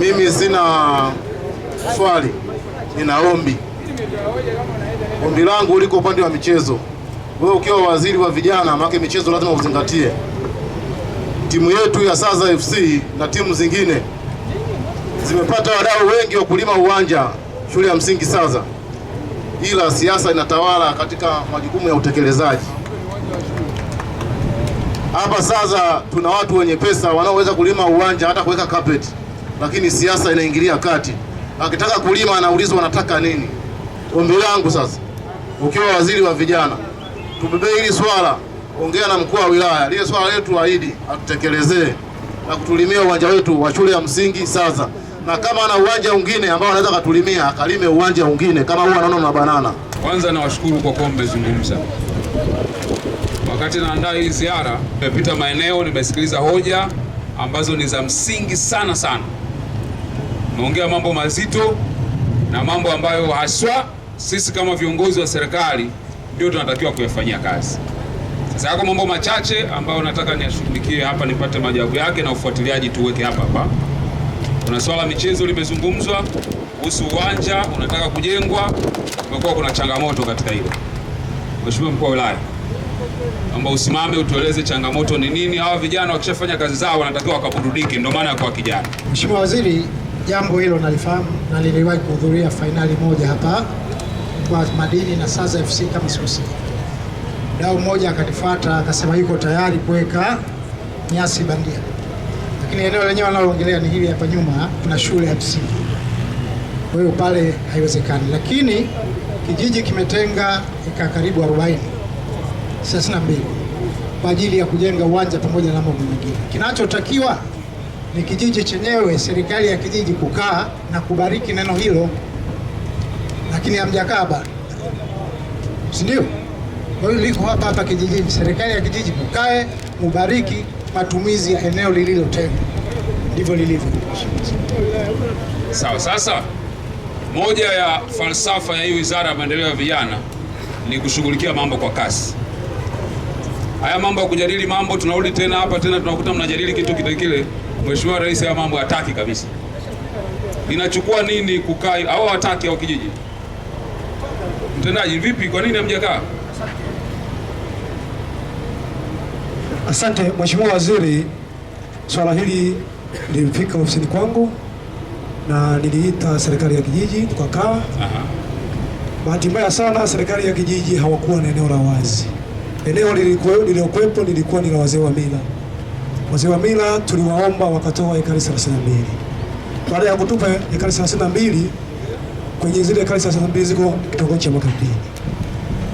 Mimi sina swali, nina ombi. Ombi langu liko upande wa michezo. Wewe ukiwa waziri wa vijana, maana michezo lazima uzingatie. Timu yetu ya Saza FC na timu zingine zimepata wadau wengi wa kulima uwanja shule ya msingi Saza, ila siasa inatawala katika majukumu ya utekelezaji. Hapa Saza tuna watu wenye pesa wanaoweza kulima uwanja hata kuweka carpet lakini siasa inaingilia kati. Akitaka kulima anaulizwa anataka nini. Ombi langu sasa, ukiwa waziri wa vijana, tubebee hili swala, ongea na mkuu wa wilaya, lile swala letu ahidi atutekelezee na kutulimia uwanja wetu wa shule ya msingi sasa na kama ana uwanja mwingine ambao anaweza katulimia akalime uwanja mwingine kama huo anaona na banana. Kwanza nawashukuru kwa kuwa mmezungumza. Wakati naandaa hii ziara, nimepita maeneo, nimesikiliza hoja ambazo ni za msingi sana sana. Tumeongea mambo mazito na mambo ambayo haswa sisi kama viongozi wa serikali ndio tunatakiwa kuyafanyia kazi. Sasa yako mambo machache ambayo nataka niyashughulikie hapa nipate majawabu yake na ufuatiliaji tuweke hapa hapa. Kuna swala michezo limezungumzwa kuhusu uwanja unataka kujengwa, kumekuwa kuna changamoto katika hilo. Mheshimiwa mkuu wa wilaya, naomba usimame utueleze changamoto ni nini. Hawa vijana wakishafanya kazi zao wanatakiwa wakaburudike, ndio maana ya kwa kijana. Mheshimiwa Waziri Jambo hilo nalifahamu na niliwahi kuhudhuria fainali moja hapa kwa Madini na Saza FC kama sisi. Dau mmoja akanifuata akasema yuko tayari kuweka nyasi bandia, lakini eneo lenyewe wanaloongelea ni hili hapa nyuma, kuna shule ya msingi, kwa hiyo pale haiwezekani. Lakini kijiji kimetenga eka karibu 40 32 kwa ajili ya kujenga uwanja pamoja na mambo mengine kinachotakiwa ni kijiji chenyewe, serikali ya kijiji kukaa na kubariki neno hilo, lakini hamjakaa bado, si ndio? Kwa hiyo liko hapa hapa kijijini, serikali ya kijiji kukae, mubariki matumizi ya eneo lililotengwa. Ndivyo lilivyo. Sawa. Sasa moja ya falsafa ya hii Wizara ya Maendeleo ya Vijana ni kushughulikia mambo kwa kasi. Haya mambo ya kujadili mambo, tunarudi tena hapa tena tunakuta mnajadili kitu kile kile. Mheshimiwa Rais haya mambo hataki kabisa. Inachukua nini kukaa au hataki au kijiji? Mtendaji vipi, kwa nini hamjakaa? Asante Mheshimiwa Waziri, swala hili lilifika ofisini kwangu na niliita serikali ya kijiji tukakaa. Bahati mbaya sana serikali ya kijiji hawakuwa na eneo la wazi. Eneo lililokuwepo lilikuwa ni la wazee wa mila. Wazee wa mila tuliwaomba wakatoa ekari 32. Baada ya kutupa ekari 32, kwenye zile ekari 32 ziko kitongoji cha Makambini,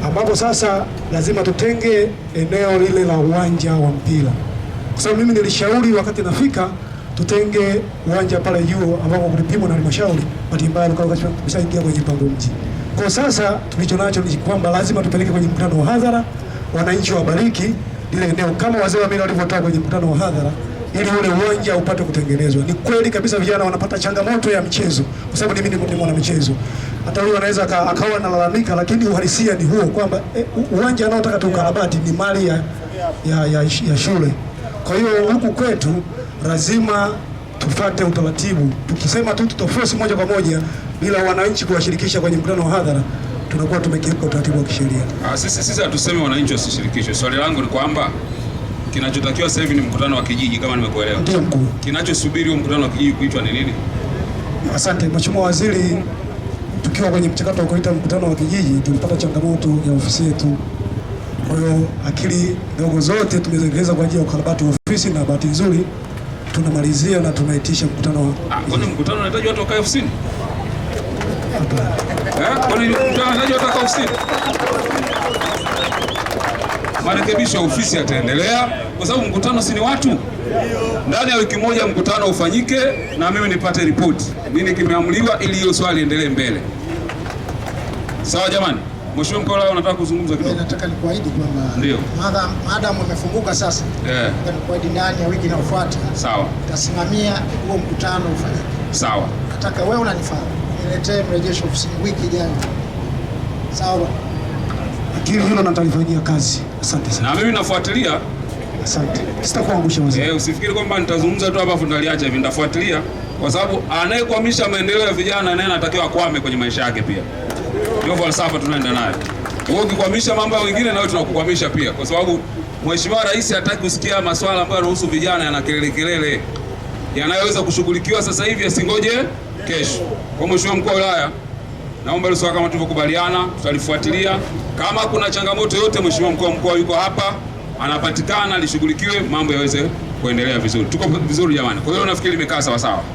ambapo sasa lazima tutenge eneo lile la uwanja wa mpira, kwa sababu mimi nilishauri wakati nafika tutenge uwanja pale juu ambapo kulipimwa na halmashauri, bahati mbaya tumeshaingia kwenye mpango mji. Kwa sasa tulichonacho ni kwamba lazima tupeleke kwenye mkutano wa hadhara, wananchi wabariki lile eneo kama wazee wa mila walivyotoa kwenye mkutano wa hadhara ili ule uwanja upate kutengenezwa. Ni kweli kabisa, vijana wanapata changamoto ya mchezo, kwa sababu mimi ni mwana michezo. Hata huyo anaweza akawa analalamika, lakini uhalisia ni huo kwamba e, uwanja anaotaka tuukarabati ni mali ya, ya, ya, ya shule. Kwa hiyo huku kwetu lazima tufate utaratibu. Tukisema tu tutofosi moja kwa moja bila wananchi kuwashirikisha kwenye mkutano wa hadhara tunakuwa tumekiuka utaratibu wa kisheria. Ah, sisi sisi hatusemi wananchi wasishirikishwe. Swali langu ni kwamba kinachotakiwa sasa hivi ni mkutano wa kijiji kama nimekuelewa. Ndio mkuu. Kinachosubiri huo mkutano wa kijiji kuitwa ni nini? Asante Mheshimiwa Waziri, tukiwa kwenye mchakato wa kuita mkutano wa kijiji tulipata changamoto ya ofisi yetu. Kwa hiyo akili ndogo zote tumezielekeza kwa ajili ya ukarabati wa ofisi, na bahati nzuri tunamalizia na tunaitisha mkutano wa. Ah, kwani mkutano unahitaji watu wakae ofisini? Hapana. Eh, kwani ufanyaji wa ofisini. Marekebisho ya ofisi yataendelea kwa sababu mkutano si ni watu, ndani ya wiki moja mkutano ufanyike na mimi nipate ripoti nini kimeamuliwa, ili hiyo swali endelee mbele. Sawa jamani. Mheshimiwa Mkola, unataka kuzungumza kidogo? Eh, nataka nikuahidi kwamba ndio maadamu amefunguka sasa, yeah. Nikuahidi ndani ya wiki inayofuata, sawa, tasimamia huo mkutano ufanyike. Sawa, nataka wewe unanifahamu, niletee mrejesho ofisini wiki ijayo. Sawa. Lakini hilo natalifanyia kazi. Asante sana. Na mimi nafuatilia. Asante. Sitakuangusha mzee. Eh, usifikiri kwamba nitazungumza tu hapa fundaliacha hivi, nitafuatilia kwa sababu anayekwamisha maendeleo ya vijana naye anatakiwa akwame kwenye maisha yake pia. Ndio falsafa tunaenda nayo. Wewe ukikwamisha mambo mengine na wewe tunakukwamisha pia kwa sababu Mheshimiwa Rais hataki kusikia masuala ambayo yanahusu vijana yana kelele kelele yanayoweza kushughulikiwa sasa hivi, asingoje kesho. Kwa Mheshimiwa Mkuu wa Wilaya Naomba hilo swala kama tulivyokubaliana, tutalifuatilia. Kama kuna changamoto yote, mheshimiwa mkuu wa mkoa yuko hapa, anapatikana, lishughulikiwe, mambo yaweze kuendelea vizuri. Tuko vizuri jamani. Kwa hiyo nafikiri imekaa sawa sawa.